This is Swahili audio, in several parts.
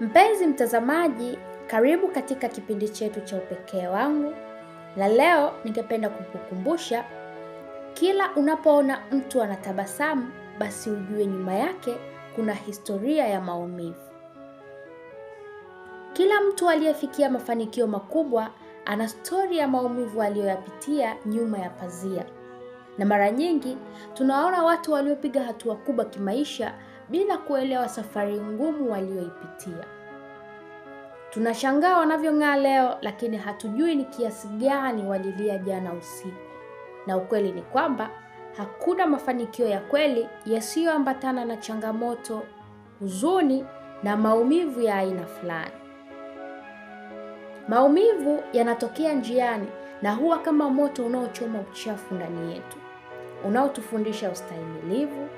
Mpenzi mtazamaji, karibu katika kipindi chetu cha Upekee wangu, na leo ningependa kukukumbusha, kila unapoona mtu anatabasamu, basi ujue nyuma yake kuna historia ya maumivu. Kila mtu aliyefikia mafanikio makubwa ana stori ya maumivu aliyoyapitia nyuma ya pazia, na mara nyingi tunaona watu waliopiga hatua kubwa kimaisha bila kuelewa safari ngumu walioipitia. Tunashangaa wanavyong'aa leo, lakini hatujui ni kiasi gani walilia jana usiku. Na ukweli ni kwamba hakuna mafanikio ya kweli yasiyoambatana na changamoto, huzuni na maumivu ya aina fulani. Maumivu yanatokea njiani na huwa kama moto unaochoma uchafu ndani yetu, unaotufundisha ustahimilivu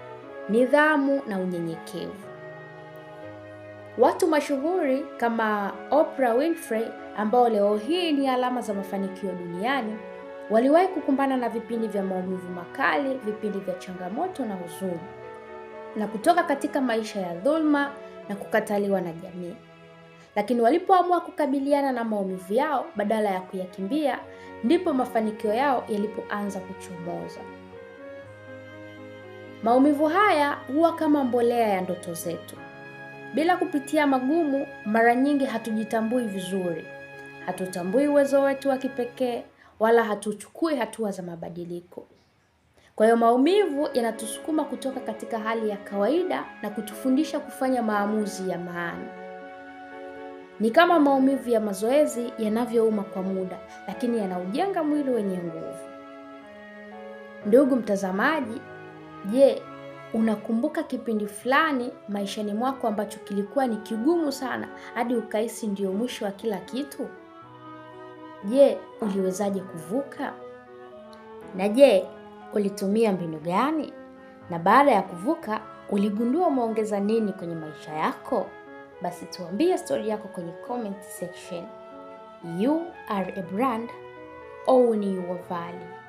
nidhamu na unyenyekevu. Watu mashuhuri kama Oprah Winfrey ambao leo hii ni alama za mafanikio duniani waliwahi kukumbana na vipindi vya maumivu makali, vipindi vya changamoto na huzuni, na kutoka katika maisha ya dhulma na kukataliwa na jamii. Lakini walipoamua kukabiliana na maumivu yao badala ya kuyakimbia, ndipo mafanikio yao yalipoanza kuchomoza. Maumivu haya huwa kama mbolea ya ndoto zetu. Bila kupitia magumu, mara nyingi hatujitambui vizuri, hatutambui uwezo wetu wa kipekee, wala hatuchukui hatua za mabadiliko. Kwa hiyo maumivu yanatusukuma kutoka katika hali ya kawaida na kutufundisha kufanya maamuzi ya maana. Ni kama maumivu ya mazoezi yanavyouma kwa muda, lakini yanaujenga mwili wenye nguvu. Ndugu mtazamaji, Je, unakumbuka kipindi fulani maishani mwako ambacho kilikuwa ni kigumu sana hadi ukahisi ndio mwisho wa kila kitu? Je, uliwezaje kuvuka? Na je, ulitumia mbinu gani? Na baada ya kuvuka, uligundua umeongeza nini kwenye maisha yako? Basi tuambie stori yako kwenye comment section. You are a brand, own your value.